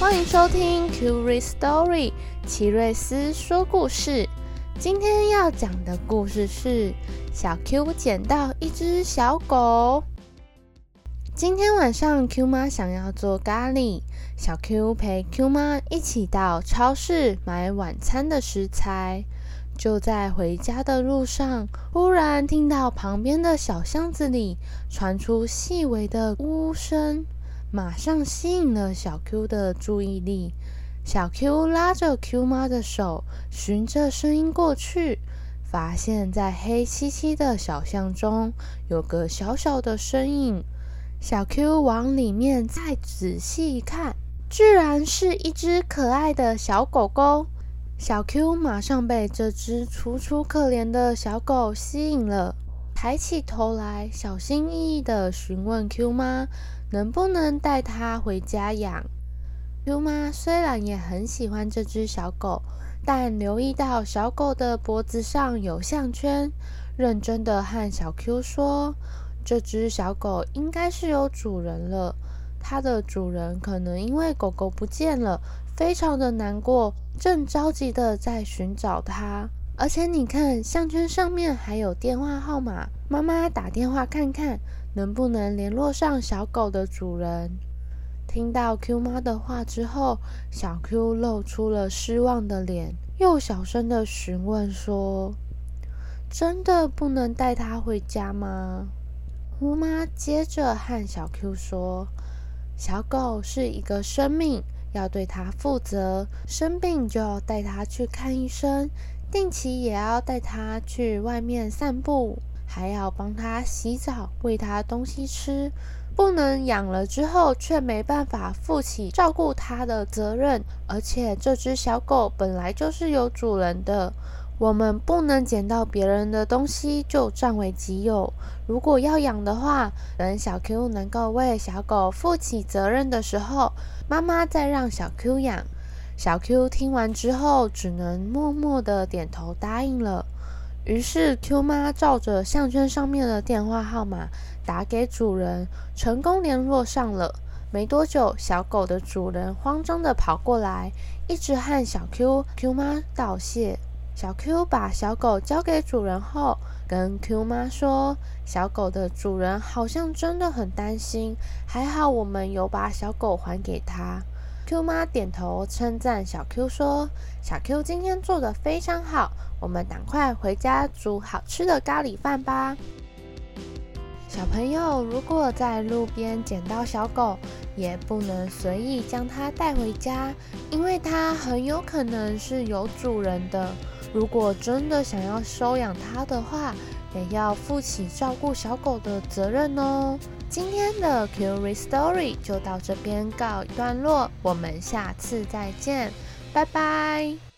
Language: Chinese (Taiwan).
歡迎收聽《Qiris Story》，奇瑞斯說故事。今天要講的故事是小 Q 撿到一隻小狗。今天晚上，Q 媽想要做咖喱，小 Q 陪 Q 媽一起到超市買晚餐的食材。就在回家的路上，忽然聽到旁邊的小巷子裡傳出細微的嗚聲。馬上吸引了小 Q 的注意力，小 Q 拉着 Q 媽的手，循着聲音過去，發現在黑漆漆的小巷中有個小小的身影。小 Q 往裡面再仔細一看，居然是一只可愛的小狗狗。小 Q 馬上被這只楚楚可憐的小狗吸引了。抬起頭來，小心翼翼地詢問 Q 媽：“能不能帶它回家養？”Q 媽雖然也很喜歡這隻小狗，但留意到小狗的脖子上有項圈，認真地和小 Q 說：“這隻小狗應該是有主人了，它的主人可能因為狗狗不見了，非常的難過，正着急地在尋找它。”而且你看，項圈上面還有電話號碼。媽媽打電話看看，能不能聯絡上小狗的主人。聽到 Q 媽的話之後，小 Q 露出了失望的臉，又小聲的詢問說：“真的不能帶它回家嗎？”Q 媽接着和小 Q 說：“小狗是一個生命，要對它負責，生病就要帶它去看醫生。”定期也要帶它去外面散步，還要幫它洗澡、餵它東西吃，不能養了之後卻沒辦法負起照顧它的責任。而且這隻小狗本來就是有主人的，我們不能撿到別人的東西就佔為己有。如果要養的話，等小 Q 能夠為小狗負起責任的時候，媽媽再讓小 Q 養。小 Q 聽完之後，只能默默的點頭答應了。於是 Q 媽照着項圈上面的電話號碼打給主人，成功聯絡上了。沒多久，小狗的主人慌張的跑過來，一直和小 Q、Q 媽道謝。小 Q 把小狗交給主人後，跟 Q 媽說：“小狗的主人好像真的很擔心，還好我們有把小狗還給他。” Q 媽點頭稱讚小 Q 說：“小 Q 今天做得非常好，我們趕快回家煮好吃的咖喱飯吧。”小朋友，如果在路邊撿到小狗，也不能隨意將它帶回家，因為它很有可能是有主人的。如果真的想要收養它的話，也要負起照顧小狗的責任哦。今天的 Curie Story 就到這邊告一段落，我們下次再見，拜拜。